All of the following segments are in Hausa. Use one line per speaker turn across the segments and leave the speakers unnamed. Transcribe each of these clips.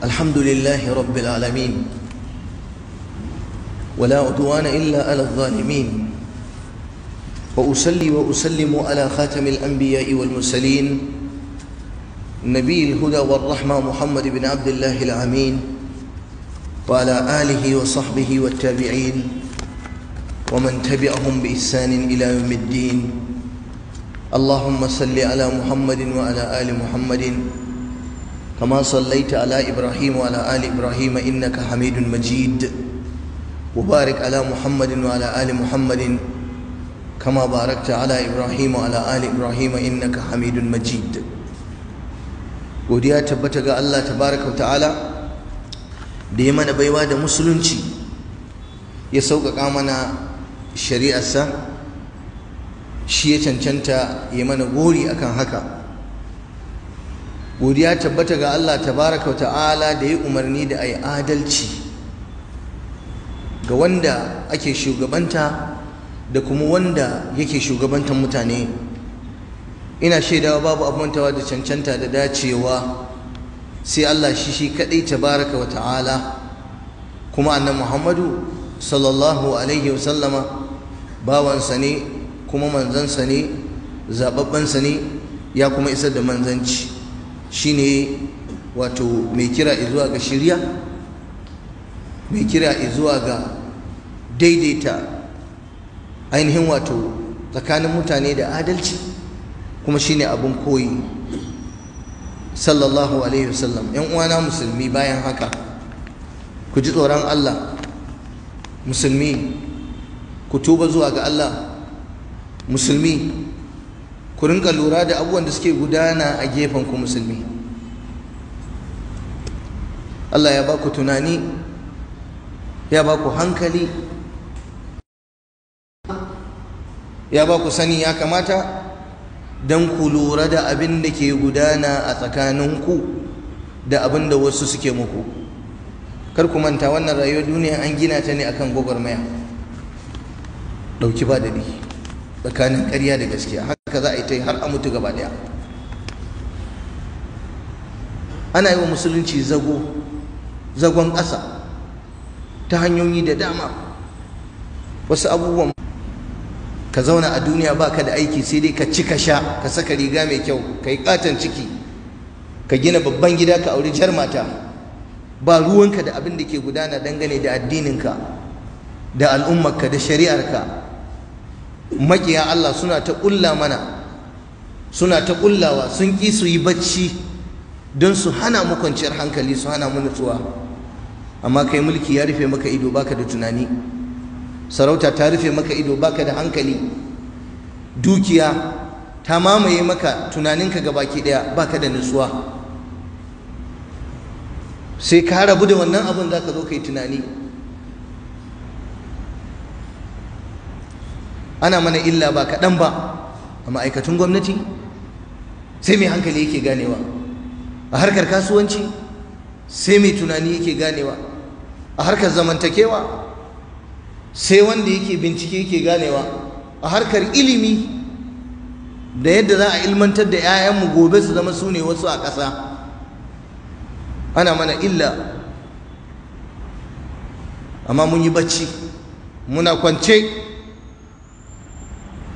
الحمد لله رب العالمين ولا عدوان إلا على الظالمين وأسلي وأسلم على خاتم الأنبياء والمرسلين نبي الهدى والرحمة محمد بن عبد الله العمين وعلى آله وصحبه والتابعين ومن تبعهم بإحسان إلى يوم الدين اللهم صل على محمد وعلى آل محمد كما صليت على إبراهيم وعلى آل إبراهيم إنك حميد مجيد وبارك على محمد وعلى آل محمد كما باركت على إبراهيم وعلى آل إبراهيم إنك حميد مجيد godiya tabbata ga Allah tabaraka wa ta'ala da ya mana baiwa da musulunci ya sauƙaƙa mana shari'arsa shi ya cancanta ya mana gori akan haka godiya tabbata ga Allah tabaraka ta'ala da ya umarni da ayi adalci ga wanda ake shugabanta da kuma wanda yake shugabantar mutane ina shaidawa babu abuntawa da cancanta da dacewa sai Allah shi shi kadai tabaraka wa ta'ala kuma annan Muhammadu sallallahu alaihi bawansa ne kuma manzansa ne zababbansa ne ya kuma isar da manzanci shine wato mai kira zuwa ga shirya mai kira zuwa ga daidaita ainihin wato tsakanin mutane da adalci kuma shine abin koyi sallallahu alaihi wasallam yan uwana musulmi bayan haka ku ji tsoron Allah musulmi ku tuba zuwa ga Allah musulmi ku rinka lura da abubuwan da suke gudana a gefen ku musulmi Allah ya ba ku tunani ya ba ku hankali ya ba ku sani ya kamata don ku lura da abin da ke gudana a tsakaninku da abin da wasu suke muku kar ku manta wannan rayuwar duniya an gina ta ne akan gwagwarmaya ɗauki ba daɗi tsakanin ƙarya da gaskiya haka za a yi ta har a mutu gaba daya ana yi wa musulunci zago zagon ƙasa ta hanyoyi da dama wasu abubuwan ka zauna a duniya baka da aiki sai dai ka ci ka sha ka saka riga mai kyau ka yi katon ciki ka gina babban gida ka auri jar mata ba ruwanka da abin da ke gudana dangane da addininka da al'ummarka da shari'arka Maƙiya Allah suna ta ƙulla mana suna ta ƙullawa sun ƙi su yi bacci don su hana mu kwanciyar hankali su hana mu nutsuwa amma kai mulki ya rufe maka ido baka da tunani sarauta ta rufe maka ido baka da hankali dukiya ta mamaye maka tunaninka ga gabaki daya baka da nutsuwa sai ka rabu da wannan abin ka zo ka yi tunani ana mana illa ba kaɗan ba a ma'aikatun gwamnati sai mai hankali yake ganewa a harkar kasuwanci sai mai tunani yake ganewa a harkar zamantakewa sai wanda yake bincike yake ganewa a harkar ilimi da yadda za a ilmantar da 'ya'yanmu gobe su zama su ne wasu a ƙasa ana mana illa amma mun yi bacci muna kwance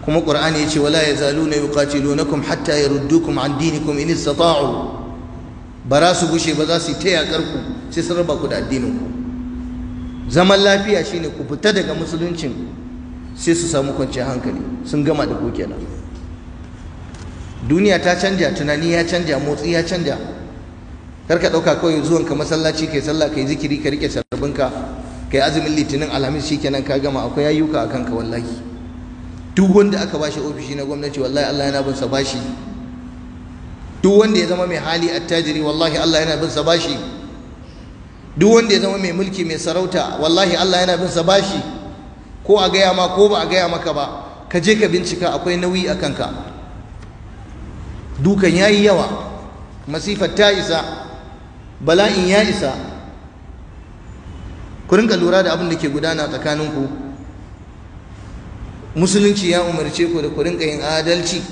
kuma ya ce wala yazaluna yuqatilunakum hatta ya kuma an dinikum in ba bara su gushe ba za su ta yaƙar ku sai sun raba ku da addinin ku zaman lafiya shine ku fita daga musuluncin sai su samu kwanci hankali sun gama da ku kenan duniya ta canja tunani ya canja motsi ya canja kar ka ɗauka kawai zuwan ka masallaci kai sallah kai zikiri ka rike sarbinka kai azumin litinin alhamis shikenan ka gama akwai ayyuka akan ka wallahi duk wanda aka bashi ofishi na gwamnati wallahi Allah yana bin sa bashi duk wanda ya zama mai hali attajiri wallahi Allah yana bin sa bashi duk wanda ya zama mai mulki mai sarauta wallahi Allah yana bin sa bashi ko a gaya ma ko ba a gaya maka ba ka je ka bincika akwai nauyi a kanka dukan ya yi yawa masifar ta isa bala'in ya isa ku rinka lura da abin da ke gudana tsakaninku musulunci ya umarce ku da ku rinka yin adalci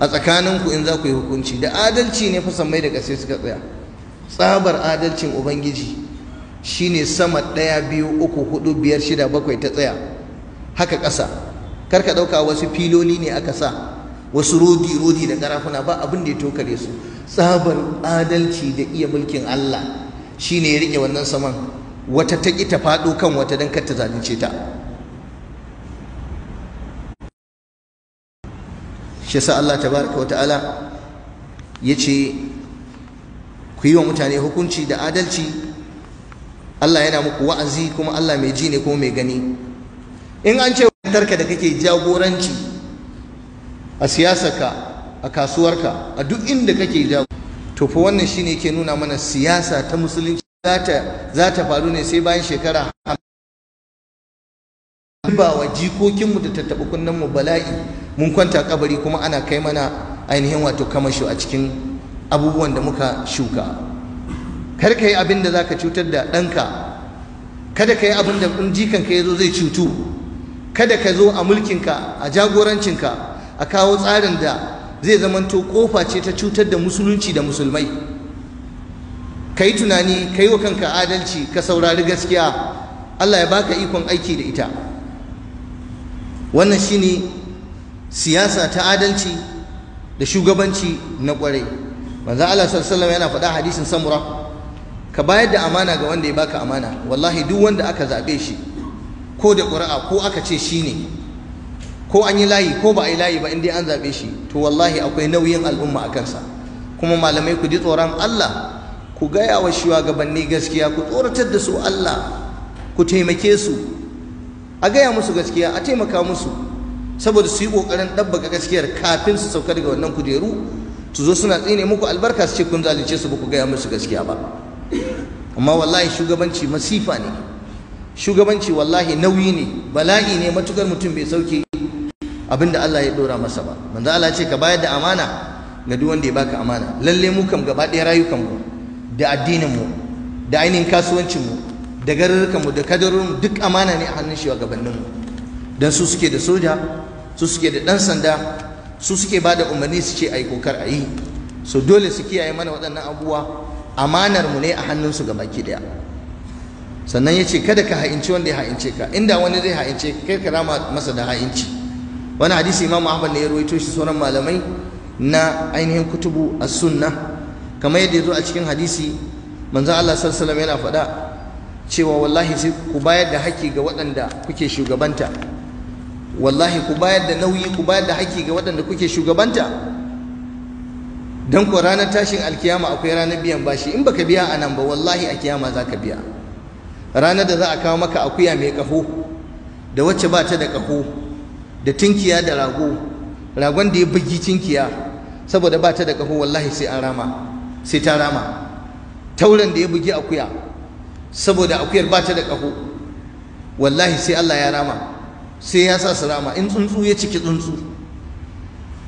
a tsakaninku in za ku yi hukunci da adalci ne fasan mai da ƙasai suka tsaya tsabar adalcin ubangiji shine sama ɗaya biyu uku hudu biyar shida bakwai ta tsaya haka ƙasa kar ka ɗauka wasu filoli ne aka sa wasu rodi rodi da ƙarafuna ba abin da ya tokare su tsabar adalci da iya mulkin Allah shine ya riƙe wannan saman wata ta ƙi ta faɗo kan wata don kar ta zalunce ta shi yasa Allah tabaraka wa ta'ala yace ku yi wa mutane hukunci da adalci Allah yana muku wa'azi kuma Allah mai ji ne ko mai gani in an ce tarka da kake jagoranci a siyasarka a kasuwarka a duk inda kake jagoranci. to fa wannan shine ke nuna mana siyasa ta musulunci za ta faru ne sai bayan shekara ba wa jikokinmu da tattaɓa kunnenmu bala'i mun kwanta kabari kuma ana kai mana ainihin wato kamashu a cikin abubuwan da muka shuka kar ka yi abin da za ka cutar da ɗanka kada ka yi abin da in jikanka ya zo zai cutu kada ka zo a mulkinka a jagorancinka a kawo tsarin da zai zamanto kofa ce ta cutar da musulunci da musulmai ka yi tunani ka yi wa kanka adalci ka saurari gaskiya Allah ya baka ikon aiki da ita wannan shine siyasa ta adalci da shugabanci na kwarai manzo Allah sallallahu yana faɗa hadisin samura ka bayar da amana ga wanda ya baka amana wallahi duk wanda aka zabe shi ko da ƙuri'a ko aka ce shine ko an yi layi ko ba a yi layi ba in dai an zaɓe shi to wallahi akwai nauyin al'umma a kansa kuma malamai ku ji tsoron Allah ku gaya wa shugabanni gaskiya ku tsoratar da su Allah ku taimake su a gaya musu gaskiya a taimaka musu saboda su yi ƙoƙarin ɗabbaka gaskiyar kafin su sauka daga wannan kujeru su zo suna tsine muku albarka su ce kun zalunce su ba ku gaya musu gaskiya ba amma wallahi shugabanci masifa ne shugabanci wallahi nauyi ne bala'i ne matukar mutum bai sauke abin Allah ya dora masa ba manzo Allah ce ka bayar da amana ga duk wanda ya baka amana lalle mu kam gaba ɗaya rayukan mu da addinin mu da ainihin kasuwancin mu da mu da kadarorinmu duk amana ne a hannun shugabanninmu don su suke da soja su suke da ɗan sanda su suke ba da umarni su ce a yi kokar a yi so dole su kiyaye mana waɗannan abubuwa amanarmu ne a hannunsu ga baki ɗaya sannan ya ce kada ka ha'inci wanda ya ha'ince ka inda wani zai ha'ince kai ka rama masa da ha'inci wani hadisi imamu ahmad ne ya ruwaito shi sauran malamai na ainihin kutubu a sunna kamar yadda ya zo a cikin hadisi manzon Allah sallallahu alaihi yana faɗa cewa wallahi sai ku bayar da haƙƙi ga waɗanda kuke shugabanta wallahi ku bayar da nauyi ku bayar da haƙƙi ga waɗanda kuke shugabanta don ku ranar tashin alkiyama akwai ranar biyan bashi in baka biya a nan ba wallahi a kiyama za ka biya ranar da za a kawo maka akuya mai ƙaho da wacce ba ta da ƙaho da tinkiya da rago ragon da ya bugi tinkiya saboda ba ta da ƙaho wallahi sai an rama sai ta rama tauren da ya bugi akuya saboda akuyar ba ta da ƙaho wallahi sai Allah ya rama sai ya sa su rama in tsuntsu ya ciki tsuntsu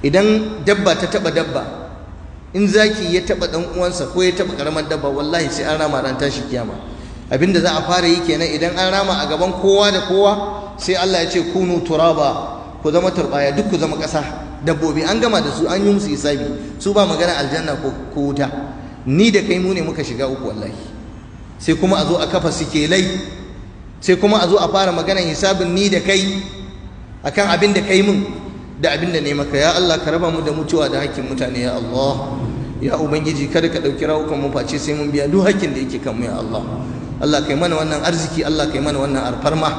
idan dabba ta taba dabba in zaki ya taba dan uwansa ko ya taba karamar dabba wallahi sai an rama ran tashi kiyama abinda za a fara yi kenan idan an rama a gaban kowa da kowa sai Allah ya ce kunu turaba ku zama turbaya duk ku zama ƙasa dabbobi an gama da su an yi musu isabi su ba magana aljanna ko wuta ni da kai mu ne muka shiga uku wallahi sai kuma a zo a kafa sikelai sai kuma a zo a fara maganar hisabin ni da kai a kan abin da kai min da abin da ne maka ya Allah ka raba mu da mutuwa da hakkin mutane ya Allah ya ubangiji kada ka ɗauki rawukan mu face sai mun biya duk hakkin da yake kan mu ya Allah Allah kai mana wannan arziki Allah kai mana wannan alfarma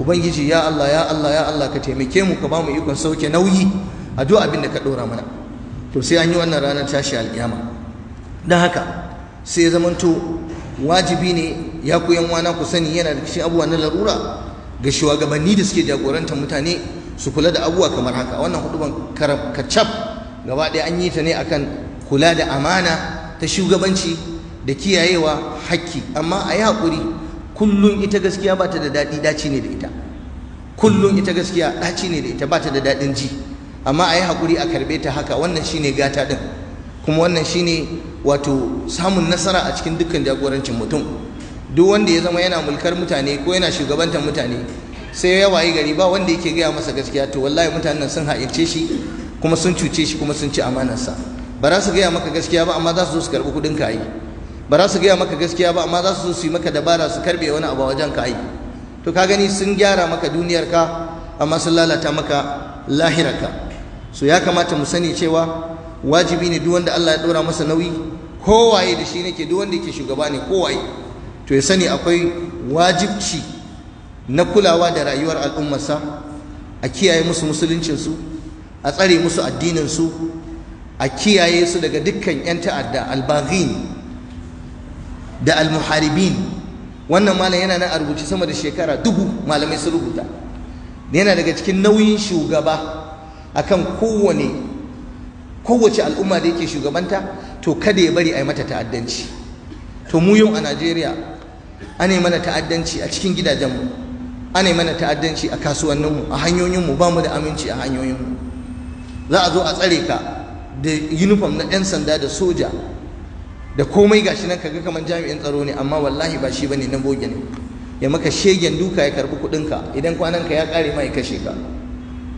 ubangiji ya Allah ya Allah ya Allah ka taimake mu ka ba mu ikon sauke nauyi a duk abin da ka ɗora mana to sai an yi wannan ranar tashi alƙiyama don haka sai ya zamanto wajibi ne ya ku yan wana ku sani yana da cikin abubuwa na larura ga shugabanni da suke jagorantar mutane su kula da abubuwa kamar haka wannan huduban kacab gaba ɗaya an yi ta ne akan kula da amana ta shugabanci da kiyayewa hakki amma a yi haƙuri kullum ita gaskiya ba ta da daɗi daci ne da ita kullum ita gaskiya ɗaci ne da ita ba ta da daɗin ji amma a yi haƙuri a karɓe ta haka wannan shine gata ɗin kuma wannan shine wato samun nasara a cikin dukkan jagorancin mutum duk wanda ya zama yana mulkar mutane ko yana shugabantar mutane sai ya wayi gari ba wanda yake gaya masa gaskiya to wallahi mutanen sun ha'ince shi kuma sun cuce shi kuma sun ci amanarsa ba za su gaya maka gaskiya ba amma za su zo su karɓi kuɗin kayi ba za su gaya maka gaskiya ba amma za su zo su yi maka dabara su karɓe wani abu a wajen ka to ka gani sun gyara maka duniyarka amma sun lalata maka lahirarka so ya kamata mu sani cewa wajibi ne duk wanda Allah ya ɗora masa nauyi kowaye da shi nake duk wanda yake shugaba ne kowaye to ya sani akwai wajibci na kulawa da rayuwar al'ummarsa a kiyaye musu musuluncinsu a tsare musu addininsu a kiyaye su daga dukkan 'yan ta'adda albaghin da almuharibin wannan malam yana na a rubuce sama da shekara dubu malamai su rubuta yana daga cikin nauyin shugaba akan kowane kowace al'umma da yake shugabanta to kada ya bari a yi mata ta'addanci to mu yau a najeriya ana yi mana ta'addanci a cikin gidajenmu ana yi mana ta'addanci a kasuwanninmu a hanyoyinmu ba mu da aminci a hanyoyinmu za a zo a tsare ka da uniform na 'yan sanda da soja da komai gashi nan kaga kamar jami'in tsaro ne amma wallahi ba shi bane na boge ne ya maka shegen duka ya karbi kudinka idan kwanan ka ya kare ma ya kashe ka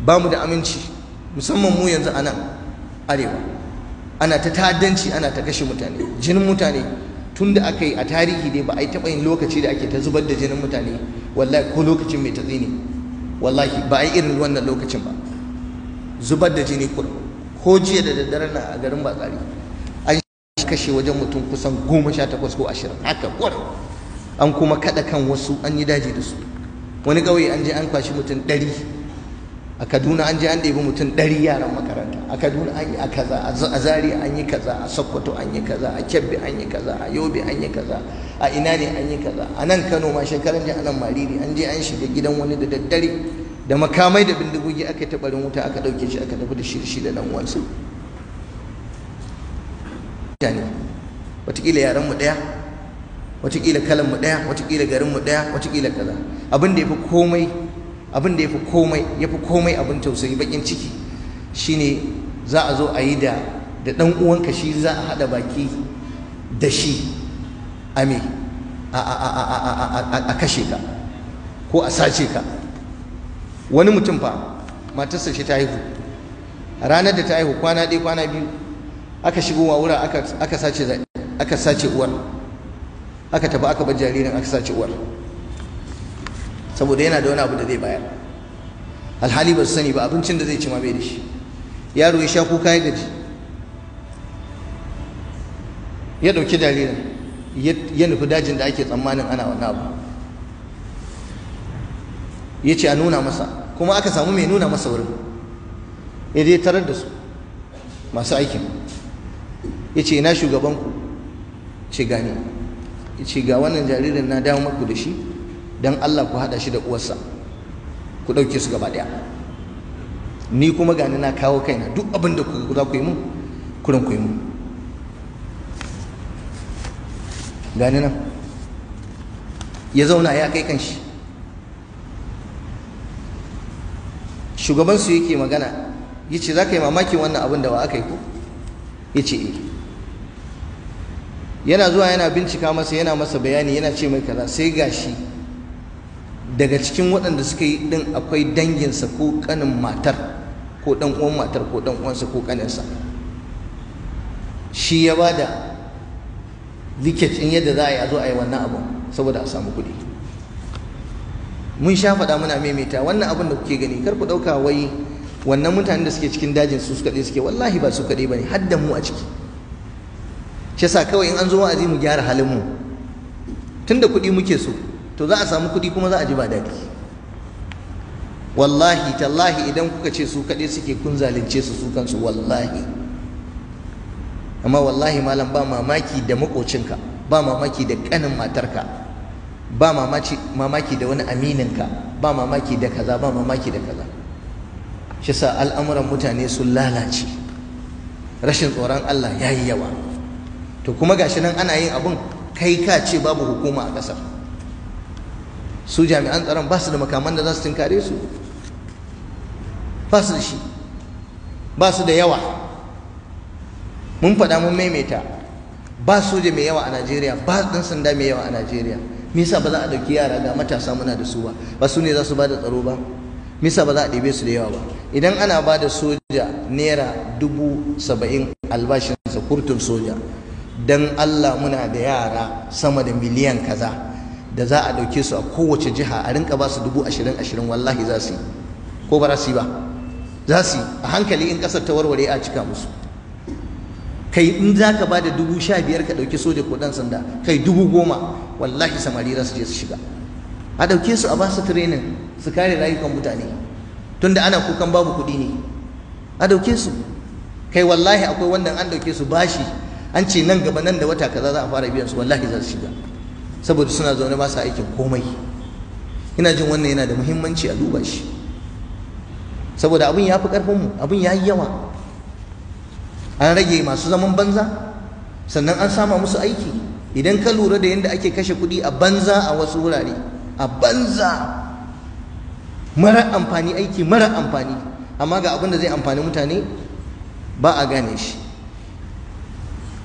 ba mu da aminci musamman mu yanzu a nan arewa ana ta ta'addanci ana ta kashe mutane jinin mutane tun da aka yi a tarihi dai ba a yi taɓa yin lokaci da ake ta zubar da jinin mutane wallahi ko lokacin mai tatsi ne wallahi ba a yi irin wannan lokacin ba zubar da jini ko jiya da daddare na a garin batsari an kashe wajen mutum kusan goma sha takwas ko ashirin haka kwar an kuma kaɗa kan wasu an yi daji da su wani ƙauye an je an kwashi mutum ɗari a kaduna an je an ɗebi mutum ɗari yaran makaranta a kaduna an yi a kaza a zari an yi kaza a sokoto an yi kaza a kebbi an yi kaza a yobe an yi kaza a ina ne an yi kaza a nan kano ma shekaran jan anan mariri an je an shiga gidan wani da daddare da makamai da bindigogi aka taɓa rin wuta aka ɗauke shi aka tafi da shi da nan uwansa wataƙila yaran mu ɗaya wataƙila kalan mu ɗaya wataƙila garin mu ɗaya wataƙila kaza abin da ya fi komai abin da ya fi komai ya fi komai abin tausayi bakin ciki shine za a zo a yi da da ɗan uwanka shi za a haɗa baki da shi a me a kashe ka ko a sace ka wani mutum fa matarsa shi ta haihu ranar da ta haihu kwana ɗaya kwana biyu aka shigo wa wura aka sace uwar aka tafi aka bar jaririn aka sace uwar saboda yana da wani abu da zai bayar alhali ba su sani ba abincin da zai ci ma bai da shi yaro ya sha kuka ya gaji ya ɗauki jaririn ya nufi dajin da ake tsammanin ana wani abu ya ce a nuna masa kuma aka samu mai nuna masa wurin ya je tarar da su masu aikin ya ce ina shugabanku ce gani ya ce ga wannan jaririn na dawo ku da shi don Allah ku haɗa shi da uwarsa ku ɗauke su gaba ɗaya ni kuma gani na kawo kaina duk abin da za ku yi mun kurin ku yi mun gani nan ya zauna ya kai kanshi su yake magana ya ce za ka yi mamakin wannan abin da wa aka yi ku ya ce eh. yana zuwa yana bincika masa yana masa bayani yana ce mai kaza sai gashi daga cikin waɗanda suka yi ɗin akwai danginsa ko ƙanin matar ko ɗan matar ko ɗan ko ƙaninsa shi ya ba da in yadda za a yi a zo a yi wannan abin saboda a samu kuɗi mun sha faɗa muna maimaita wannan abin da kuke gani kar ku ɗauka wai wannan mutanen da suke cikin dajin su su kaɗai suke wallahi ba su kaɗai ba ne haddan mu a ciki shi yasa kawai in an zo wa'azi mu gyara halin mu tunda kuɗi muke so to za a samu kuɗi kuma za a ji ba daɗi wallahi tallahi idan kuka ce su kaɗai suke kun zalunce su su kansu wallahi amma wallahi malam ba mamaki da makocinka ba mamaki da ƙanin matarka ba mamaki da wani amininka ba mamaki da kaza ba mamaki da kaza shi sa al'amuran mutane sun lalace rashin tsoron Allah ya yi yawa to kuma gashi nan ana yin abun kai ka ce babu hukuma a ƙasar su jami'an tsaron ba su da makaman da za su tunkare su ba su da shi ba su da yawa mun faɗa mun maimaita ba soja mai yawa a najeriya ba ɗan sanda mai yawa a najeriya misa ba za a ɗauki yara ga matasa muna da su ba ba su ne za su ba da tsaro ba misa ba za a ɗebe su da yawa ba idan ana ba da soja naira dubu saba'in albashinsa kurtun soja don allah muna da yara sama da miliyan kaza da za a ɗauke su a kowace jiha a rinka ba su dubu ashirin ashirin wallahi za su yi ko ba za su yi ba za su yi a hankali in ƙasar ta warware a cika musu kai in za ka ba da dubu sha biyar ka ɗauki soja ko ɗan sanda kai dubu goma wallahi samari za su je su shiga a ɗauke su a ba su training su kare rayukan mutane tunda ana kukan babu kuɗi ne a ɗauke su kai wallahi akwai wannan an ɗauke su bashi an ce nan gaba nan da wata kaza za a fara biyan su wallahi za su shiga saboda suna zaune ba sa aikin komai ina jin wannan yana da muhimmanci a duba shi saboda abin ya fi ƙarfinmu abin ya yi yawa an rage masu zaman banza sannan an sama musu aiki idan ka lura da yadda ake kashe kuɗi a banza a wasu wurare a banza mara amfani aiki mara amfani amma ga abin da zai amfani mutane ba a gane shi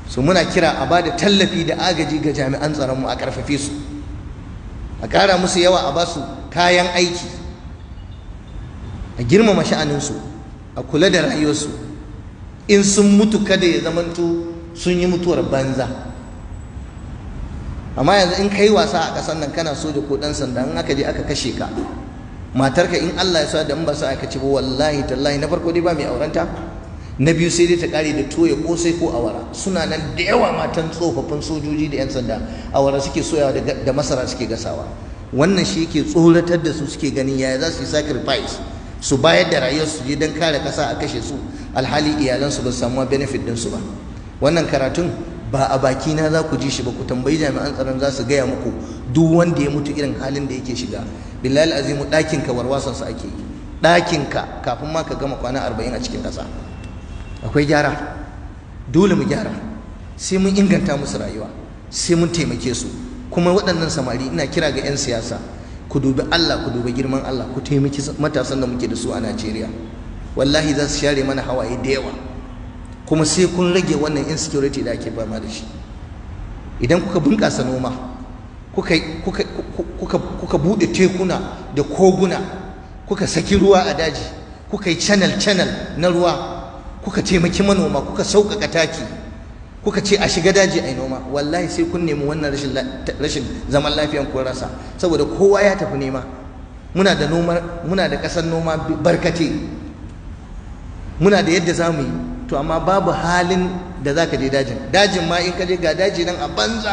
su muna kira a ba da tallafi da agaji ga jami'an tsaronmu a ƙarfafe su a ƙara musu yawa a ba su kayan aiki a girmama sha'aninsu a kula da rayuwarsu in sun mutu kada ya zamanto sun yi mutuwar banza amma yanzu in ka yi wasa a ƙasar nan kana soja ko ɗan sanda in aka je aka kashe ka matarka in Allah ya sa da in ba sa aka ci ba wallahi tallahi na farko dai ba mai aurenta na biyu sai dai ta kare da toya kosai ko awara suna nan da yawa matan tsofaffin sojoji da 'yan sanda awara suke soyawa da masara suke gasawa wannan shi yake tsoratar da su suke ganin yaya za su yi sacrifice su bayar da rayuwar su je don kare kasa a kashe su alhali iyalansu ba su samu benefit din su ba wannan karatun ba a baki na za ku ji shi ba ku tambayi jami'an tsaron za su gaya muku duk wanda ya mutu irin halin da yake shiga billahi azimu dakin ka warwasan su ake yi dakin ka kafin ma ka gama kwana arba'in a cikin ƙasa akwai gyara dole mu gyara sai mun inganta musu rayuwa sai mun taimake su kuma waɗannan samari ina kira ga 'yan siyasa ku dubi Allah ku dubi girman Allah ku taimaki matasan da muke da su a Najeriya wallahi za su share mana hawaye da yawa kuma sai kun rage wannan insecurity da ake fama da shi idan kuka bunƙasa noma kuka buɗe tekuna da koguna kuka saki ruwa a daji kuka yi channel channel na ruwa kuka taimaki manoma kuka sauƙaƙa taki kuka ce a shiga daji a yi noma wallahi sai kun nemi wannan rashin zaman lafiyan kun rasa saboda kowa ya tafi nema muna da muna da ƙasar noma barkate muna da yadda za mu yi to amma babu halin da za ka je dajin dajin ma in ka je ga daji nan a banza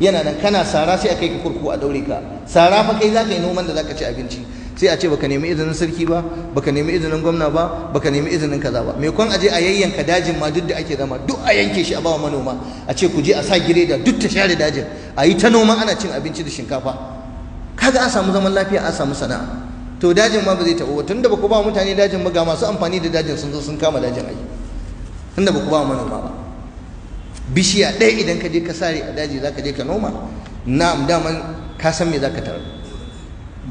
yana nan kana sara sai a kai ka kurkuku a daure ka sara fa kai za ka yi noman da za ka ci abinci sai a ce baka nemi izinin sarki ba baka nemi izinin gwamna ba baka nemi izinin kaza ba mai kwan aje a yayyanka dajin ma duk da ake zama duk a yanke shi a bawa manoma a ce ku je a sa gireda duk ta share dajin a yi ta noma ana cin abinci da shinkafa kaga a samu zaman lafiya a samu sana'a to dajin ma ba zai taɓa tunda ba ku ba mutane dajin ba ga masu amfani da dajin sun zo sun kama dajin ai tunda ba ku ba manoma ba bishiya ɗaya idan ka je ka sare a daji za ka je ka noma na'am daman ka san me za ka tarar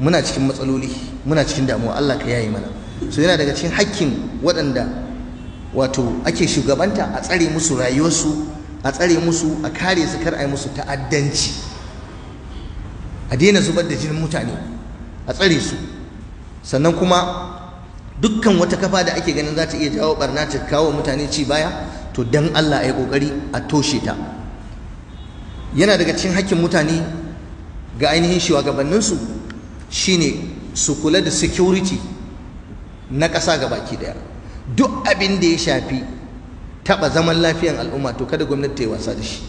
muna cikin matsaloli muna cikin damuwa Allah ka yayi mana so yana daga cikin hakkin waɗanda wato ake shugabanta a tsare musu rayuwarsu a tsare musu a kare su kar a yi musu ta'addanci a daina zubar da jinin mutane a tsare su sannan kuma dukkan wata kafa da ake ganin za ta iya jawo barna ta kawo mutane ci baya to dan Allah a yi kokari a toshe ta yana daga cikin hakkin mutane ga ainihin shugabanninsu Shi ne su kula da security na ƙasa ga baki daya duk abin da ya shafi taɓa zaman lafiyan al'umma to kada gwamnati ta yi wasa da shi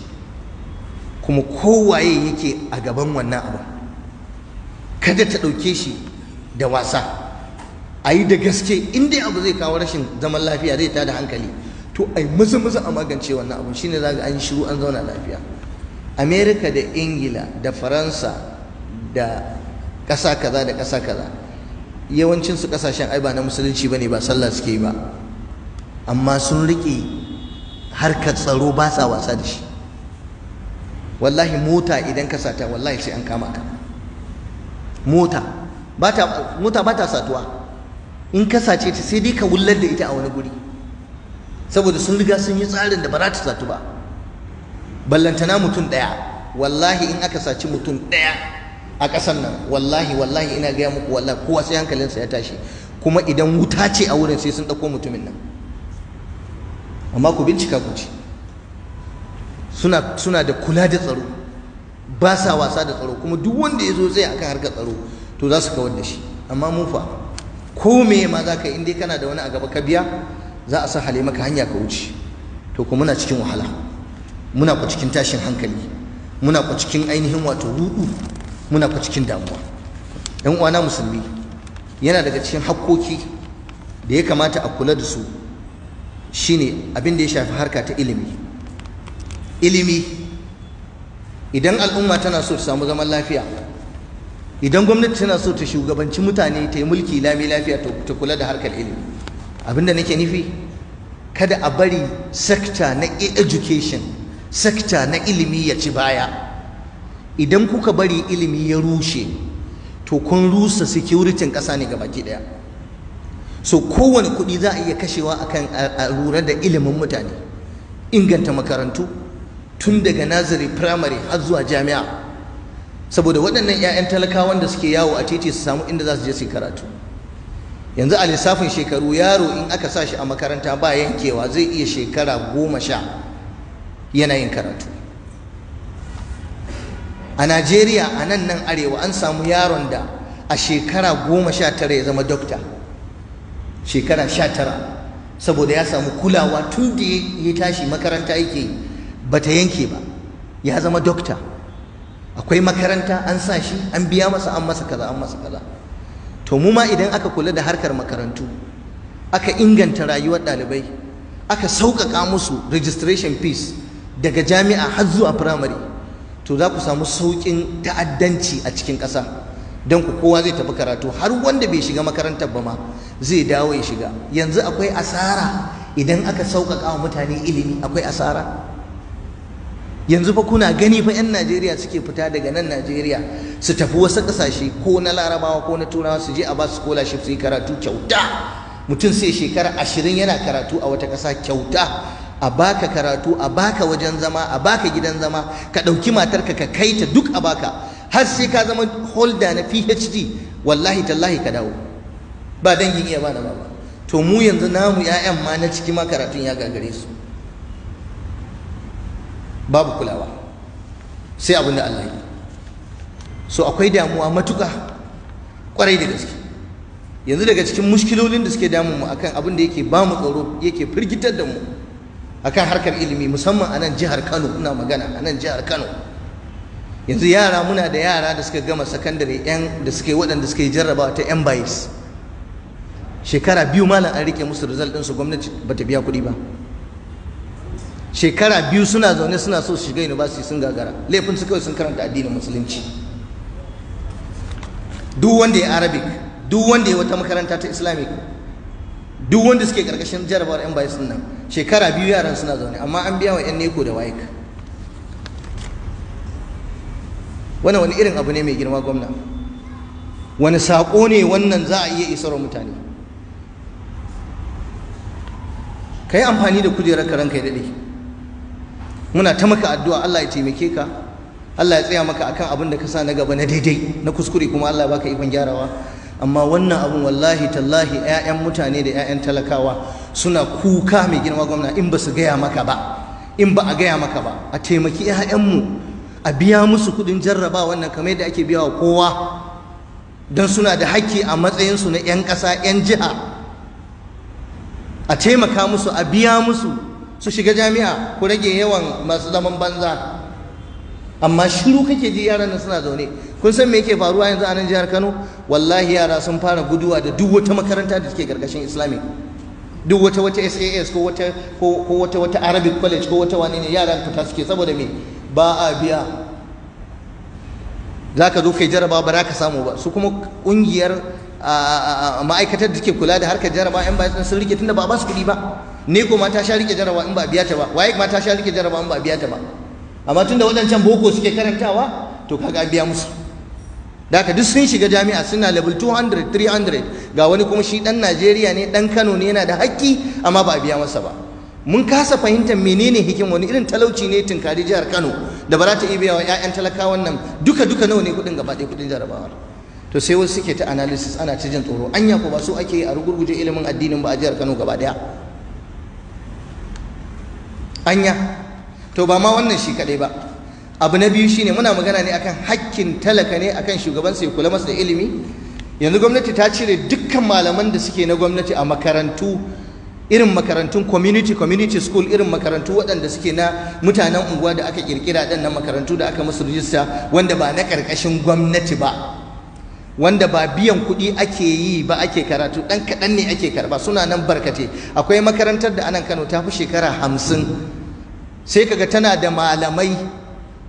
kuma kowaye yake a gaban wannan abu, kada ta ɗauke shi da wasa a yi da gaske inda dai abu zai kawo rashin zaman lafiya zai tada hankali to ai maza maza a magance wannan abu shine za ga an shiru an zauna lafiya amerika da ingila da faransa da ƙasa kaza da ƙasa kaza yawancin su ƙasashen ai ba na musulunci bane ba sallah suke yi ba amma sun riƙe harkar tsaro ba sa wasa da shi wallahi mota idan ka sata wallahi sai an kama ka mota bata mota bata satuwa in ka sace ta sai dai ka wullar da ita a wani guri saboda sun riga sun yi tsarin da ba za ta satu ba ballantana mutum ɗaya wallahi in aka saci mutum ɗaya a ƙasar nan wallahi wallahi ina gaya muku wallahi kowa sai hankalinsa ya tashi kuma idan wuta ce a wurin sai sun ɗauko mutumin nan amma ku bincika ku ci suna da kula da tsaro ba sa wasa da tsaro kuma duk wanda ya zo zai akan harkar tsaro to za su kawar da shi amma mu fa ko me ma za ka in dai kana da wani a gaba ka biya za a hali maka hanya ka wuce to kuma muna cikin wahala muna ku cikin tashin hankali muna ku cikin ainihin wato rudu muna fa cikin damuwa yan uwana musulmi yana daga cikin hakkoki da ya kamata a kula da su shine abin da ya shafi harka ta ilimi ilimi idan al'umma tana so ta samu zaman lafiya idan gwamnati tana so ta shugabanci mutane ta yi mulki lami lafiya ta kula da harkar ilimi abin da nake nufi kada a bari sakta na education sakta na ilimi ya ci baya idan kuka bari ilimi ya rushe to kun rusa sikuritin ƙasa ne gabaki ɗaya so kowane kuɗi za a iya kashewa akan a lura da ilimin mutane inganta makarantu tun daga nazari primary har zuwa jami'a saboda waɗannan 'ya'yan talakawan da suke yawo a titi su samu inda za su je su karatu yanzu a lissafin shekaru yaro in aka sa shi a makaranta ba yankewa zai iya shekara goma sha yana yin karatu a najeriya a nan nan arewa an samu yaron da a shekara goma sha tara ya zama dokta shekara sha tara saboda ya samu kulawa tun da ya tashi makaranta yake ba ta yanke ba ya zama dokta akwai makaranta an sa shi an biya masa an masa kaza an masa kaza to mu ma idan aka kula da harkar makarantu aka inganta rayuwar ɗalibai aka sauƙaƙa musu registration fees daga jami'a har zuwa primary to za ku samu sauƙin ta'addanci a cikin ƙasa don ku kowa zai tafi karatu har wanda bai shiga makarantar ba ma zai dawo ya shiga yanzu akwai asara idan aka sauƙaƙa wa mutane ilimi akwai asara yanzu fa kuna gani fa 'yan najeriya suke fita daga nan najeriya su tafi wasu ƙasashe ko na larabawa ko na turawa su je a ba su scholarship su yi karatu kyauta mutum sai shekara ashirin yana karatu a wata ƙasa kyauta a baka karatu a baka wajen zama a baka gidan zama ka ɗauki matarka ka kai ta duk a baka har sai ka zama holda na phd wallahi tallahi ka dawo ba dangin iya bana ba to mu yanzu namu 'ya'yan ma na ciki ma karatun ya gagare su babu kulawa sai abin da Allah yi so akwai damuwa matuka kwarai da gaske yanzu daga cikin mushkilolin da suke damun mu akan abin da yake ba mu tsoro yake firgitar da mu akan harkar ilimi musamman a nan jihar Kano ina magana a nan jihar Kano yanzu yara muna da yara da suka gama sakandare yan da suke waɗanda suke jarrabawa ta yan bayis shekara biyu malam an rike musu result ɗinsu gwamnati ba ta biya kuɗi ba shekara biyu suna zaune suna so su shiga university sun gagara laifin su kawai sun karanta addinin musulunci duk wanda ya arabic duk wanda ya wata makaranta ta islamic duk wanda suke karkashin jarabawar yan bayan nan shekara biyu yaran suna zaune amma an biya wa yan neko da wayek wani wani irin abu ne mai girma gwamna wani saƙo ne wannan za a iya isarwa mutane ka yi amfani da kujerar ka ranka ya daɗe muna ta maka addu'a Allah ya taimake ka Allah ya tsaya maka akan abin da ka sa na gaba na daidai na kuskure kuma Allah ya baka ikon gyarawa amma wannan abun wallahi tallahi 'ya'yan mutane da 'ya'yan talakawa suna kuka mai girma gwamna in ba su gaya maka ba in ba a gaya maka ba a taimaki 'ya'yanmu a biya musu kuɗin jarraba wannan kamar yadda ake biya wa kowa don suna da haƙƙi a matsayinsu na 'yan ƙasa 'yan jiha a taimaka musu a biya musu su shiga jami'a ku rage yawan masu zaman banza amma shiru kake ji yaran nan suna zaune kun san me yake faruwa yanzu a nan jihar Kano wallahi yara sun fara guduwa da duk wata makaranta da take gargashin Islamic duk wata wata SAS ko wata ko wata wata Arabic college ko wata wani ne yaran fita suke saboda me ba a biya zaka zo kai jaraba ba za ka samu ba su kuma kungiyar ma'aikatar da take kula da harkar jaraba in ba sun rike tunda ba ba su kuɗi ba ne ko ma ta sha rike jaraba in ba biya ta ba waye ma ta sha rike jaraba in ba biya ta ba amma tunda waɗancan boko suke karantawa to kaga biya musu da duk sun shiga jami'a suna level 200 300 ga wani kuma shi dan Najeriya ne dan Kano ne yana da haƙƙi amma ba a biya masa ba mun kasa fahimtar menene hikin wani irin talauci ne tunkari jihar Kano da ba za ta iya biya 'ya'yan talaka nan duka duka nawa ne kudin gaba ɗaya kudin jarabawa to sai wasu suke ta analysis ana ta jin tsoro anya ko ba su ake a rugurguje ilimin addinin ba a jihar Kano gaba ɗaya anya to ba ma wannan shi kaɗai ba abu na biyu shine muna magana ne akan hakkin talaka ne akan shugabansa ya kula masa da ilimi yanzu gwamnati ta cire dukkan malaman da suke na gwamnati a makarantu irin makarantun community community school irin makarantu waɗanda suke na mutanen unguwa da aka kirkira ɗan nan makarantu da aka musu rijista wanda ba na ƙarƙashin gwamnati ba wanda ba biyan kuɗi ake yi ba ake karatu ɗan kaɗan ne ake karɓa suna nan barkate akwai makarantar da anan kano ta fi shekara hamsin sai kaga tana da malamai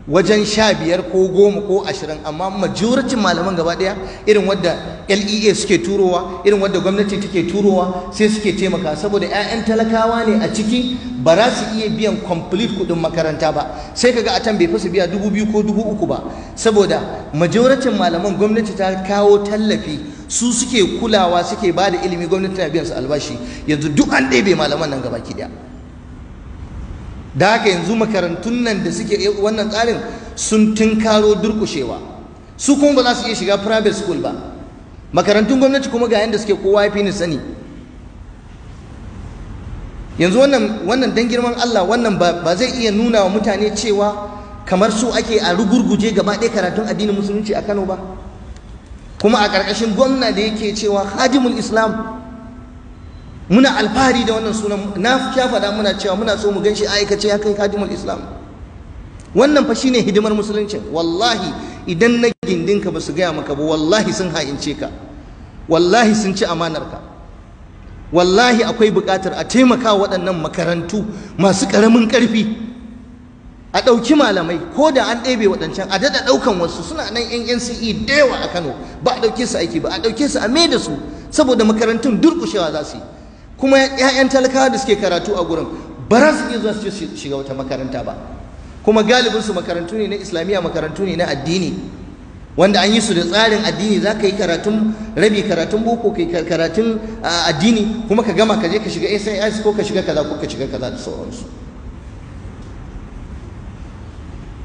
wajen sha biyar ko goma ko ashirin amma majority malaman gaba ɗaya irin wadda lea suke turowa irin wadda gwamnati take turowa sai suke taimaka saboda 'ya'yan talakawa ne a ciki ba za su iya biyan complete kuɗin makaranta ba sai kaga a can bai fasa biya dubu biyu ko dubu uku ba saboda majoratin malaman gwamnati ta kawo tallafi su suke kulawa suke ba da ilimi gwamnati ta biyan su albashi yanzu duk an ɗebe malaman nan gaba ki ɗaya da haka yanzu makarantun nan da suke wannan tsarin sun tunkaro durkushewa su kuma ba za su iya shiga private school ba makarantun gwamnati kuma ga yadda suke kowa ya fi ni sani yanzu wannan dan girman Allah wannan ba zai iya nuna wa mutane cewa kamar su ake a rugurguje gaba ɗaya karatun addinin musulunci a Kano ba kuma a ƙarƙashin gwamna da yake cewa hajimul islam muna alfahari da wannan sunan na sha faɗa muna cewa muna so mu gan shi aikace ya kai kadimul islam wannan fa shine hidimar musulunci wallahi idan na gindinka ba su gaya maka ba wallahi sun ha'ince ka wallahi sun ci amanarka wallahi akwai buƙatar a taimaka waɗannan makarantu masu ƙaramin ƙarfi a ɗauki malamai ko da an ɗebe waɗancan a daɗa ɗaukan wasu suna nan yan NCE da yawa a Kano ba a ɗauke su aiki ba a ɗauke su a mai da su saboda makarantun durƙushewa za su yi kuma 'ya'yan talakawa da suke karatu a gurin ba za su iya su shiga wata makaranta ba kuma galibinsu makarantu ne na islamiyya makarantu ne na addini wanda an yi su da tsarin addini za ka yi karatun rabi karatun boko kai karatun addini kuma ka gama ka je ka shiga SIS ko ka shiga kaza ko ka shiga kaza da sauransu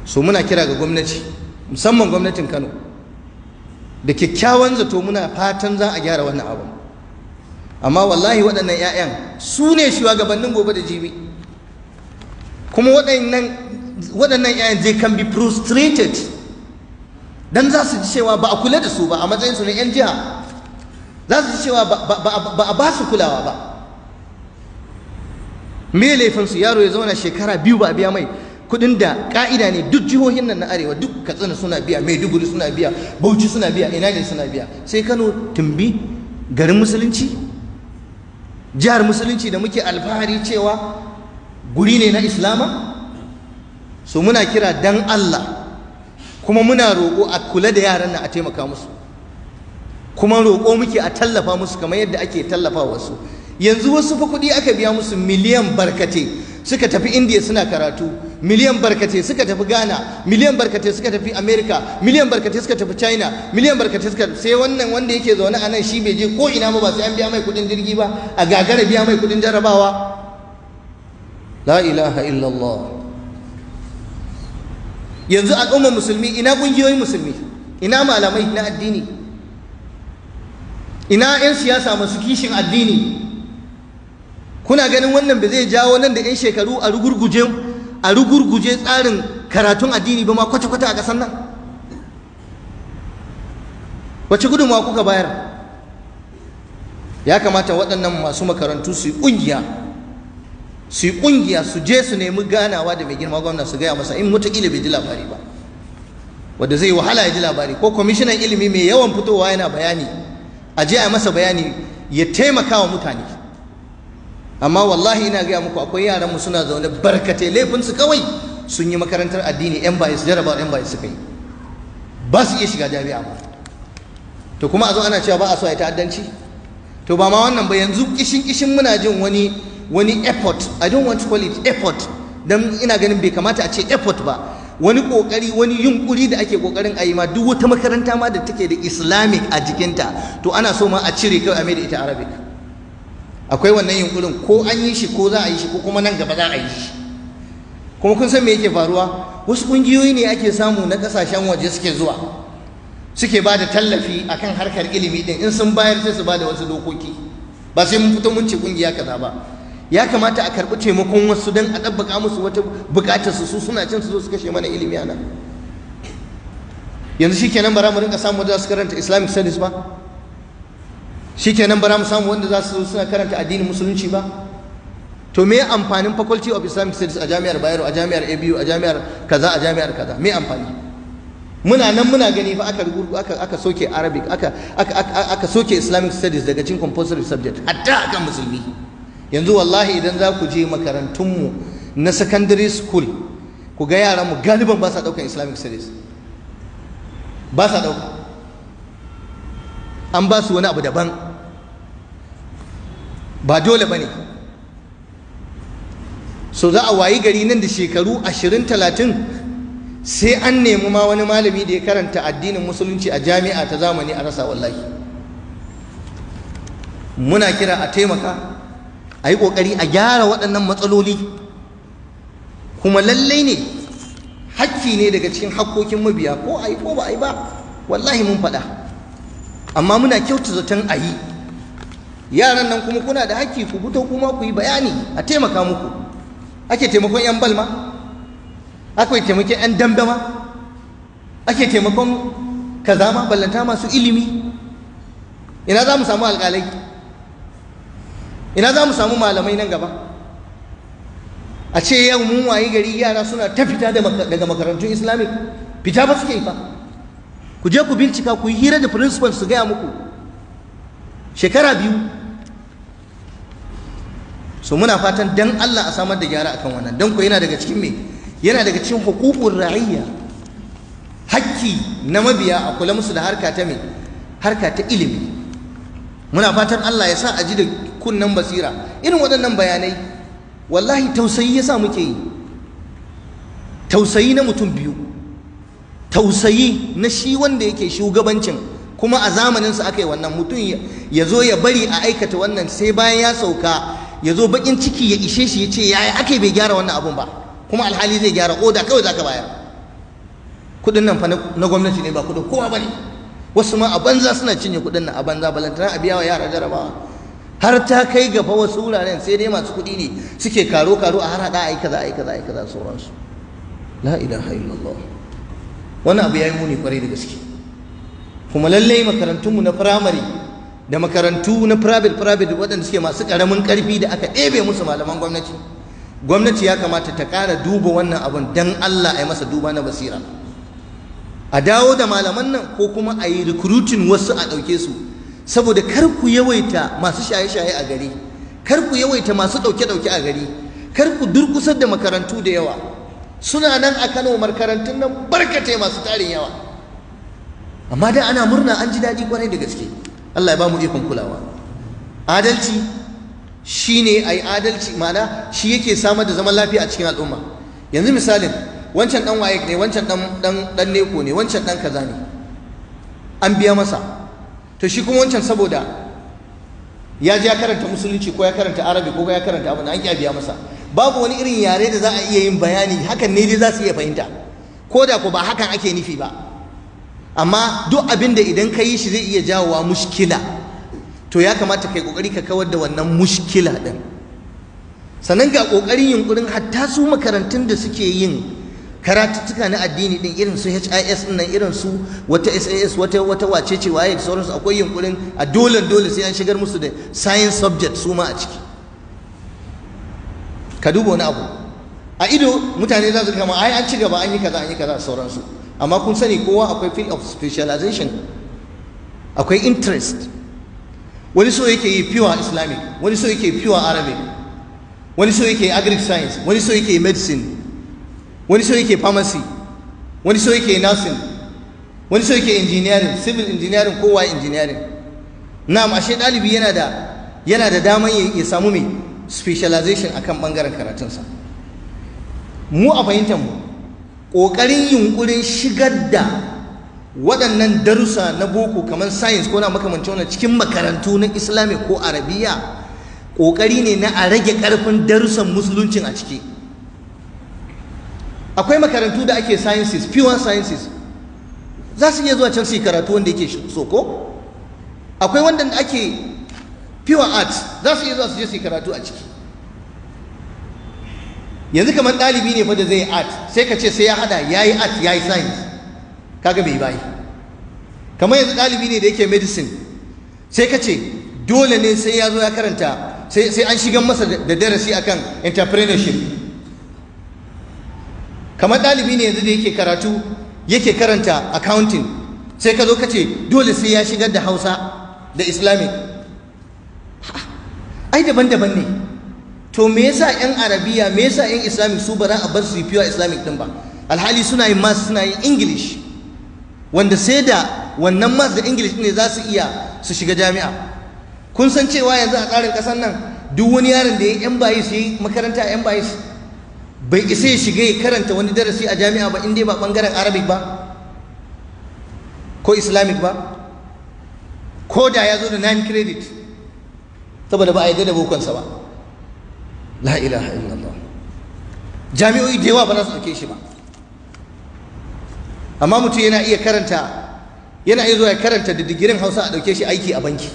so muna kira ga gwamnati musamman gwamnatin Kano da kyakkyawan zato muna fatan za a gyara wannan abu amma wallahi waɗannan 'ya'yan su ne shugabannin gobe da jibi kuma waɗannan 'ya'yan zai kan be frustrated don za su ji cewa ba a kula da su ba a matsayinsu na 'yan jiha za su ji cewa ba a ba su kulawa ba me laifinsu yaro ya zauna shekara biyu ba a biya mai kuɗin da ka'ida ne duk jihohin nan na arewa duk katsina suna biya maiduguri suna biya bauchi suna biya ina ne suna biya sai kano tumbi garin musulunci jihar musulunci da muke alfahari cewa guri ne na islama so muna kira dan Allah kuma muna roƙo a kula da yaran nan a taimaka musu kuma roƙo muke a tallafa musu kamar yadda ake tallafa wasu yanzu wasu fa kuɗi aka biya musu miliyan barkate suka tafi indiya suna karatu miliyan barkatai suka tafi ghana miliyan barkatai suka tafi america miliyan barkatai suka tafi china miliyan barkatai suka sai wannan wanda yake zaune a nan shi bai je ko ina ba sai an biya mai kudin jirgi ba a gagara biya mai kudin jarabawa la ilaha illallah yanzu al'ummar musulmi ina kungiyoyin musulmi ina malamai na addini ina 'yan siyasa masu kishin addini kuna ganin wannan ba zai jawo nan da 'yan shekaru a rugurguje a rugurguje tsarin karatun addini ba ma kwata-kwata a ƙasar nan wace gudunmawa kuka bayar ya kamata waɗannan masu makarantu su yi ƙungiya su yi ƙungiya su je su nemi ganawa da mai girma gwamna su gaya masa in mutakila bai ji labari ba wanda zai wahala ya ji labari ko kwamishinan ilimi mai yawan fitowa yana bayani a je a masa bayani ya taimaka wa mutane amma wallahi ina gaya muku akwai yaran mu suna zaune barkate laifin su kawai sun yi makarantar addini yan bayan su jaraba yan bayan suka yi ba su iya shiga jami'a ba to kuma a zo ana cewa ba a so a yi ta'addanci to ba ma wannan ba yanzu kishin kishin muna jin wani wani effort i don't want to call it effort dan ina ganin bai kamata a ce effort ba wani kokari wani yunkuri da ake kokarin a yi ma duk wata makaranta ma da take da islamic a jikinta to ana so ma a cire kawai a mai da ita arabic akwai wannan yunkurin ko an yi shi ko za a yi shi ko kuma nan gaba za a yi shi kuma kun san me yake faruwa wasu kungiyoyi ne ake samu na ƙasashen waje suke zuwa suke ba da tallafi akan harkar ilimi din in sun bayar sai su ba da wasu dokoki ba sai mun fito mun ce ƙungiya kaza ba ya kamata a karɓi taimakon wasu don a ɗabbaka musu wata buƙatar su su suna cin su zo su kashe mana ilimi a nan yanzu shikenan ba za mu rinka samu da su karanta islamic studies ba shikenan ba za mu samu wanda za su suna karanta addinin musulunci ba to me amfanin faculty of islamic studies a jami'ar bayero a jami'ar abu a jami'ar kaza a jami'ar kaza me amfani muna nan muna gani fa aka aka aka soke arabic aka aka soke islamic studies daga cikin compulsory subject hatta akan musulmi yanzu wallahi idan za ku je makarantunmu na secondary school ku ga yaranmu galiban ba sa ɗaukan islamic studies ba sa ɗauka an ba su wani abu daban ba dole ba ne so za a wayi gari nan da shekaru ashirin talatin sai an nemi ma wani malami da ya karanta addinin musulunci a jami'a ta zamani a rasa wallahi muna kira a taimaka a yi ƙoƙari a gyara waɗannan matsaloli kuma lallai ne hakki ne daga cikin hakkokin mabiya ko a yi ko ba a yi ba wallahi mun faɗa amma muna kyautu zaton a yi yaran nan kuma kuna da haƙƙi ku fito kuma ku yi bayani a taimaka muku ake taimakon 'yan balma akwai taimakon 'yan dambe ma ake taimakon kaza ma ballanta masu ilimi ina za mu samu alƙalai ina za mu samu malamai nan gaba a ce yau mun wayi gari yara suna ta fita daga makarantun islamic fita ba suke yi fa ku je ku bincika ku yi hira da principal su gaya muku shekara biyu so muna fatan dan Allah a samar da gyara akan wannan dan ko yana daga cikin me yana daga cikin hukukun ra'ayya hakki na mabiya a kula musu da harka ta me harka ta ilimi muna fatan Allah ya sa a ji da kunnan basira irin waɗannan bayanai wallahi tausayi ya sa muke yi tausayi na mutum biyu tausayi na shi wanda yake shugabancin kuma a zamaninsa aka yi wannan mutum ya zo ya bari a aikata wannan sai bayan ya sauka ya zo bakin ciki ya ishe shi ya ce yaya ake bai gyara wannan abun ba kuma alhali zai gyara oda kawai za ka bayar kudin nan fa na gwamnati ne ba kudin kowa ba ne wasu ma a banza suna cinye kudin nan a banza balantana a biya wa yara jarabawa har ta kai gaba wasu wuraren sai dai masu kudi ne suke karo karo a harada a yi kaza a yi kaza a yi kaza sauransu la ilaha illallah wannan abu ya yi muni kwarai da gaske kuma lallai makarantunmu na firamare da makarantu na private private waɗanda suke masu ƙaramin ƙarfi da aka ɗebe musu malaman gwamnati gwamnati ya kamata ta ƙara duba wannan abun don Allah a yi masa duba na basira a dawo da malaman nan ko kuma a yi recruiting wasu a ɗauke su saboda kar ku yawaita masu shaye-shaye a gari kar ku yawaita masu ɗauke-ɗauke a gari kar ku durkusar da makarantu da yawa suna nan a Kano makarantun nan barkatai masu tarin yawa amma da ana murna an ji daɗi kwarai da gaske Allah ya ba mu ikon kulawa adalci shine ai adalci ma'ana shi yake samar da zaman lafiya a cikin al'umma yanzu misalin wancan dan waye ne wancan dan dan neko ne wancan dan kaza ne an biya masa to shi kuma wancan saboda ya je ya karanta musulunci ko ya karanta arabi ko ya karanta abu an ki biya masa babu wani irin yare da za a iya yin bayani hakan ne dai za su iya fahimta ko da ko ba hakan ake nufi ba amma duk abin da idan ka yi shi zai iya jawowa mushkila to ya kamata kai kokari ka kawar da wannan mushkila din sannan ga kokarin yunkurin hatta su makarantun da suke yin karatuttuka na addini din irin su HIS nan irin su wata SAS wata wata wace waye da sauransu akwai yunkurin a dole dole sai an shigar musu da science subject su ma a ciki ka duba wani abu a ido mutane za su kama ai an ci gaba an yi kaza an yi kaza sauransu amma kun sani kowa akwai field of specialization akwai interest wani so yake yi pure islamic wani so yake pure arabic wani so yake agric science wani so yake medicine wani so yake pharmacy wani so yake nursing wani so yake engineering civil engineering kowa engineering na'am ashe dalibi yana da yana da daman ya samu mai specialization akan bangaren karatunsa mu a fahimtar mu ƙoƙarin yunƙurin shigar da waɗannan darussa na boko kamar science ko na makamancin wannan cikin makarantu na islami ko arabiya ƙoƙari ne na a rage ƙarfin darussan musuluncin a ciki akwai makarantu da ake sciences pure sciences za su iya zuwa can su yi karatu wanda yake so ko akwai wanda ake pure arts za su iya zuwa su je su yi karatu a ciki yanzu kamar ɗalibi ne fa da zai art sai ka ce sai ya hada ya yi art ya yi science kaga bai bayi kamar yanzu ɗalibi ne da yake medicine sai ka ce dole ne sai ya zo ya karanta sai an shigan masa da darasi akan entrepreneurship kamar ɗalibi ne yanzu da yake karatu yake karanta accounting sai ka zo ka ce dole sai ya shigar da hausa da islamic ai daban-daban ne to me yasa yan arabiya me yasa yan islamic su ba za a bar su pure islamic din ba alhali suna yin mas, suna yin english wanda sai da wannan mas da english ne za su iya su shiga jami'a kun san cewa yanzu a tsarin kasar nan duk wani yaron da ya yan bayis yi makaranta yan bayis bai isa ya shiga ya karanta wani darasi a jami'a ba inda ba bangaren arabic ba ko islamic ba ko da ya zo da 9 credit saboda ba a yi da bukonsa ba jami'o'i da yawa ba za su ɗauke shi ba amma mutum yana iya karanta yana iya zuwa ya karanta da digirin hausa a ɗauke shi aiki a banki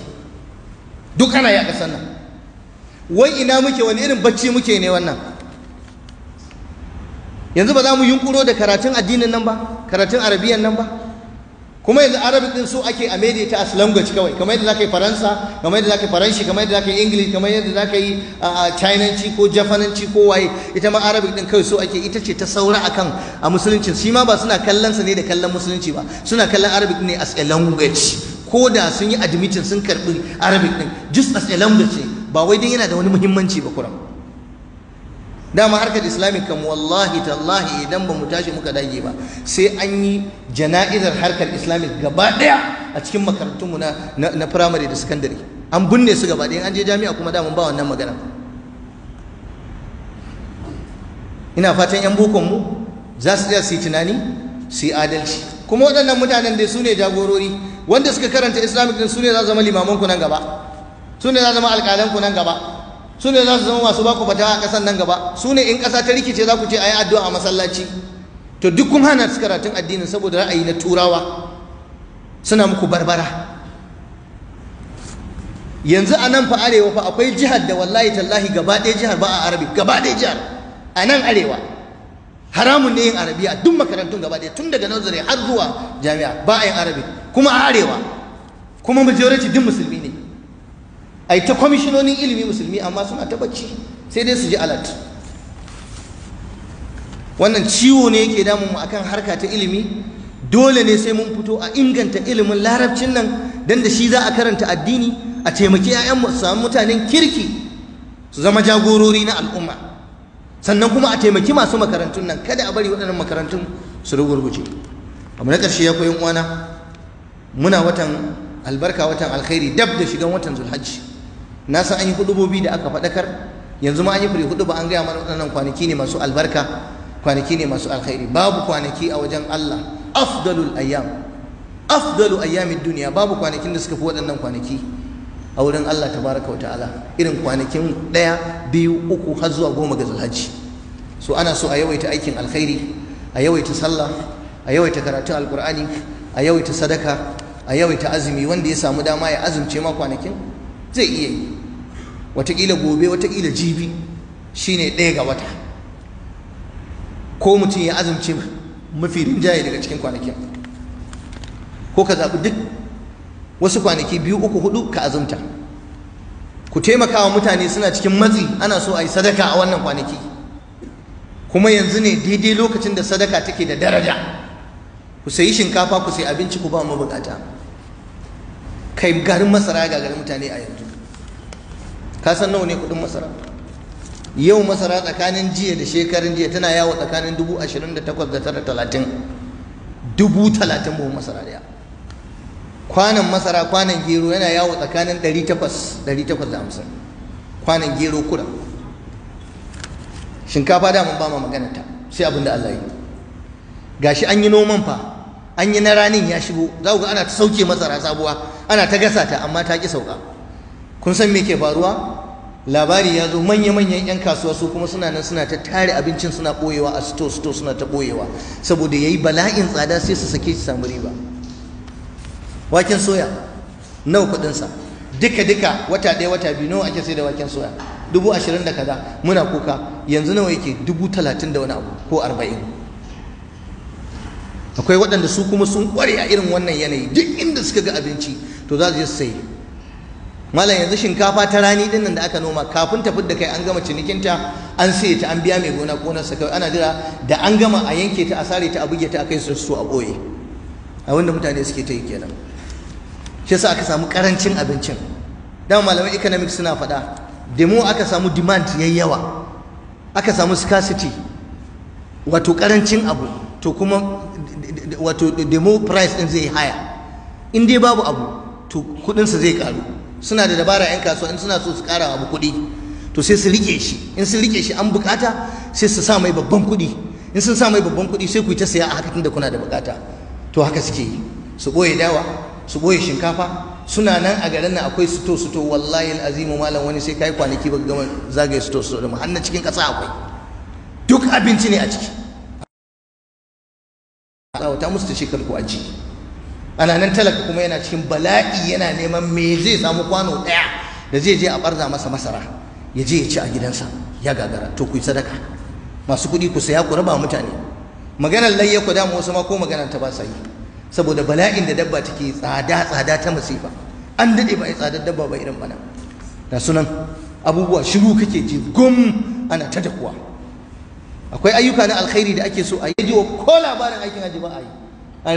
duk ana yaka a nan wai ina muke wani irin bacci muke ne wannan yanzu ba za mu yunkuro da karatun addinin nan ba karatun arabiyan nan ba kuma yanzu arabic din so ake a media ta as language kawai kamar yadda zaka yi faransa kamar yadda zaka yi faranshi kamar yadda zaka yi english kamar yadda zaka yi chinanci ko jafananci ko waye ita ma arabic din kawai so ake ita ce ta saura akan a musulunci shi ma ba suna kallon sa ne da kallon musulunci ba suna kallon arabic ne as a language ko da sun yi admitin sun karbi arabic din just as a language ba wai din yana da wani muhimmanci ba kuram dama harkar islamic kam wallahi tallahi idan ba mu tashi muka dage ba sai an yi jana'izar harkar islamik gaba daya a cikin makarantunmu na na primary da secondary an binne su gaba daya an je jami'a kuma da mun ba wannan magana ina fatan yan bokon mu za su iya su yi tunani su yi adalci kuma waɗannan mutanen dai su ne jagorori wanda suka karanta islamic din su ne za zama limamanku ku nan gaba su ne za zama alƙalanku nan gaba su ne za su zama masu baku fatawa a ƙasar nan gaba su ne in ƙasa ta rikice za ku ce a yi addu'a a masallaci to duk kun hana su karatun addinin saboda ra'ayi na turawa suna muku barbara yanzu a nan fa arewa fa akwai jihar da wallahi tallahi gaba ɗaya jihar ba a arabi gaba ɗaya jihar a nan arewa haramun ne yin arabi a duk makarantun gaba ɗaya tun daga nazari har zuwa jami'a ba a yin arabi kuma a arewa kuma majority duk musulmi ne a ta kwamishinonin ilimi musulmi amma suna ta bacci sai dai su ji alat wannan ciwo ne yake damun mu akan harka ta ilimi dole ne sai mun fito a inganta ilimin larabcin nan dan da shi za a karanta addini a taimaki yayan su mutanen kirki su zama jagorori na al'umma sannan kuma a taimaki masu makarantun nan kada a bari waɗannan makarantun su rugurguje abu na ƙarshe ya koyi uwana muna watan albarka watan alkhairi dab da shigan watan zulhajji na san an yi hudubobi da aka faɗakar yanzu ma an yi fure hudu ba an gaya mana waɗannan kwanaki ne masu albarka kwanaki ne masu alkhairi babu kwanaki a wajen Allah afdalul ayyam afdalu ayyamin duniya babu kwanakin da suka fi waɗannan kwanaki a wurin Allah tabaraka wa ta'ala irin kwanakin ɗaya biyu uku har zuwa goma ga zulhaji so ana so a yawaita aikin alkhairi a yawaita sallah a yawaita karatun alkur'ani a yawaita sadaka a yawaita azumi wanda ya samu dama ya azumce ma kwanakin zai iya yi watakila gobe watakila jibi shine ɗaya ga wata ko mutum ya azumce mafi rinjaye daga cikin kwanakin ko ka zaɓi duk wasu kwanaki biyu uku hudu ka azumta ku taimaka wa mutane suna cikin matsi ana so a yi sadaka a wannan kwanaki kuma yanzu ne daidai lokacin da sadaka take da daraja ku sayi shinkafa ku sayi abinci ku ba mu bukata kai garin masara ga garin mutane a yanzu ka san nawa ne kuɗin masara yau masara tsakanin jiya da shekarun jiya tana yawo tsakanin dubu ashirin da takwas da tara talatin dubu talatin buhun masara daya kwanan masara kwanan gero yana yawo tsakanin ɗari takwas ɗari takwas da hamsin kwanan gero kura shinkafa da mun ba ma magana ta sai abin da Allah yi gashi an yi noman fa an yi na ranin ya shigo za ku ga ana ta sauke masara sabuwa ana ta gasa ta amma ta ki sauka kun san me ke faruwa labari ya zo manya-manyan 'yan kasuwa su kuma suna nan suna ta tare abincin suna ɓoyewa a sito sito suna ta ɓoyewa saboda ya yi bala'in tsada sai su sake su samu riba waken soya nawa kuɗinsa duka duka wata ɗaya wata biyu nawa ake sai da waken soya dubu ashirin da kaza muna kuka yanzu nawa yake dubu talatin da wani abu ko arba'in akwai waɗanda su kuma sun ƙware a irin wannan yanayi duk inda suka ga abinci to za su je su sayi malam yanzu shinkafa ta rani din nan da aka noma kafin ta fidda kai an gama cinikinta an saye ta an biya mai gona gonarsa kawai ana jira da an gama a yanke ta a sare ta a buge ta a kai su a ɓoye A wanda mutane suke ta yi kenan shi yasa aka samu karancin abincin dan malaman economics suna faɗa demo aka samu demand yayi yawa aka samu scarcity wato karancin abu to kuma wato demo price din zai haya in dai babu abu to kudinsa zai karu suna da dabara 'yan kasuwa in suna so su kara abu kuɗi to sai su rike shi in sun rike shi an bukata sai su sa mai babban kuɗi in sun sa mai babban kuɗi sai ku yi ta saya a haka tunda kuna da bukata to haka suke yi su ɓoye dawa su ɓoye shinkafa suna nan a garin nan akwai suto suto wallahi azimu malam wani sai kai kwanaki ba gama zagaye suto suto da har cikin ƙasa akwai duk abinci ne a ciki ta musu ta shekaru ko aji ana nan talaka kuma yana cikin bala'i yana neman me zai samu kwano ɗaya da zai je a barza masa masara ya je ya ci a gidansa ya gagara to ku yi sadaka masu kuɗi ku saya ku raba mutane maganar layya ku damu wasu ma ko maganar ta ba sa yi saboda bala'in da dabba take tsada tsada ta masifa an daɗe ba a tsadar dabba ba irin bana da sunan abubuwa shiru kake ji gum ana ta dakuwa akwai ayyuka na alkhairi da ake so a yi ko labarin aikin hajji ba a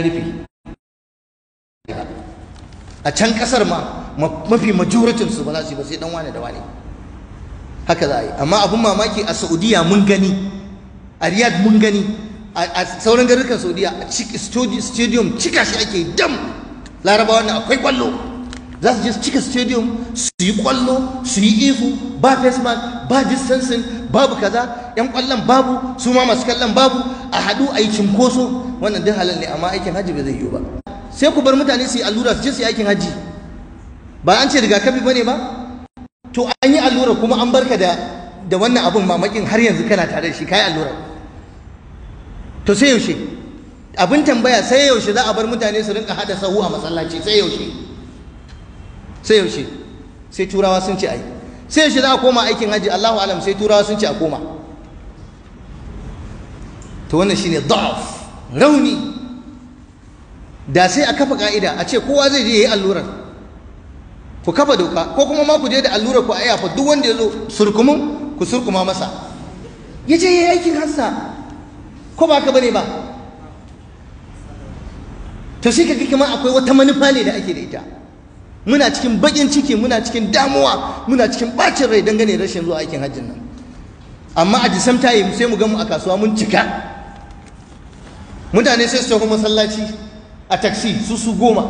yi an rufe a can kasar ma mafi majoritin su ba za su yi ba sai dan wane da wane haka za a yi amma abun mamaki a saudiya mun gani a riyad mun gani a sauran garurukan saudiya a stadium cika shi ake dam larabawa na akwai kwallo za su je su cika stadium su yi kwallo su yi ihu ba face mask ba distancing babu kaza yan kwallon babu su ma masu kallon babu a haɗu a yi cinkoso wannan duk halal ne amma aikin hajji ba zai yiwu ba sai ku bar mutane su yi allura su je su yi aikin hajji ba an ce rigakafi bane ba to an yi allura kuma an barka da da wannan abun mamakin har yanzu kana tare da shi kai allura to sai yaushe abin tambaya sai yaushe za a bar mutane su rinka hada sahu a masallaci sai yaushe sai yaushe sai turawa sun ce ai sai yaushe za a koma aikin hajji Allahu alam sai turawa sun ce a koma to wannan shine da'af rauni da sai a kafa ka'ida a ce kowa zai je ya yi allurar ku kafa doka ko kuma ma ku je da allurar ku a yafa duk wanda ya zo surkumin ku surkuma masa ya je ya yi aikin hansa ko ba ka bane ba to ka kaga kamar akwai wata manufa ne da ake da ita muna cikin bakin ciki muna cikin damuwa muna cikin bacin rai dangane rashin zuwa aikin hajjin nan amma a disam tayi sai mu ga mu a kasuwa mun cika mutane sai su tafi masallaci a taxi su su goma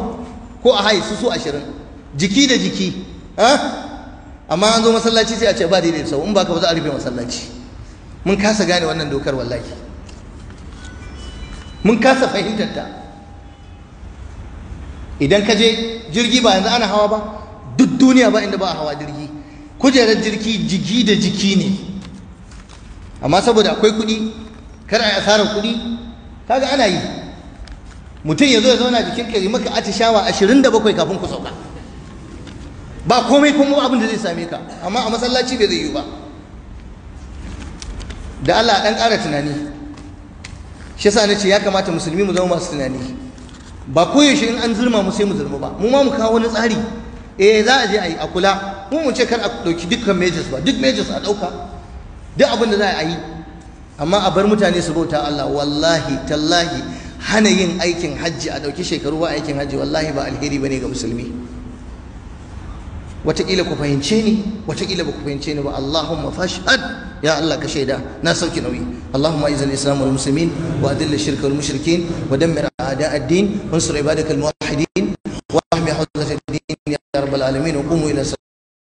ko a haye su su ashirin jiki da jiki amma an zo masallaci sai a ce ba daidai sau in ba ka ba za a rufe masallaci mun kasa gane wannan dokar wallahi mun kasa fahimtar ta idan ka je jirgi ba yanzu ana hawa ba duk duniya ba inda ba a hawa jirgi kujerar jirgi jiki da jiki ne amma saboda akwai kuɗi kar a yi asarar kuɗi kaga ana yi mutum ya zo ya zauna jikin ka yi maka atishawa bakwai kafin ku sauka ba komai kuma abin da zai same ka amma a masallaci bai zai yi ba da Allah dan ƙara tunani shi yasa nace ya kamata musulmi mu zama masu tunani ba koyaushe in an zurma mu sai mu zurma ba mu ma mu kawo wani tsari eh za a je a yi a kula mu mu ce kar a ɗauki dukkan majors ba duk majors a ɗauka duk abin da za a yi amma a bar mutane su bauta Allah wallahi tallahi hana yin aikin hajji a ɗauki shekaru ba aikin hajji wallahi ba alheri ba ne ga musulmi wataƙila ku fahimce ni wataƙila ba ku fahimce ni ba Allahumma fashhad ya Allah ka shaida na sauki nauyi Allahumma izal islam wal muslimin wa adill shirk wal mushrikin wa dammir a'da ad-din wansur ibadak al muwahhidin wa ahmi hudud ad-din ya rabbal alamin wa qumu ila